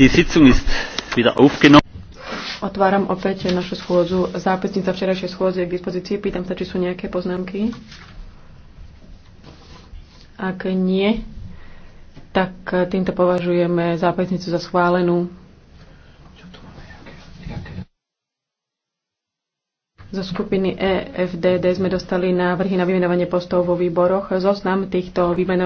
Otváram opäť našu schôdzu. Zápisnica včerajšej schôdze je k dispozícii. Pýtam sa, či sú nejaké poznámky. Ak nie, tak týmto považujeme zápisnicu za schválenú. Zo skupiny EFDD sme dostali návrhy na vymenovanie postov vo výboroch. Zoznam týchto vymenovaných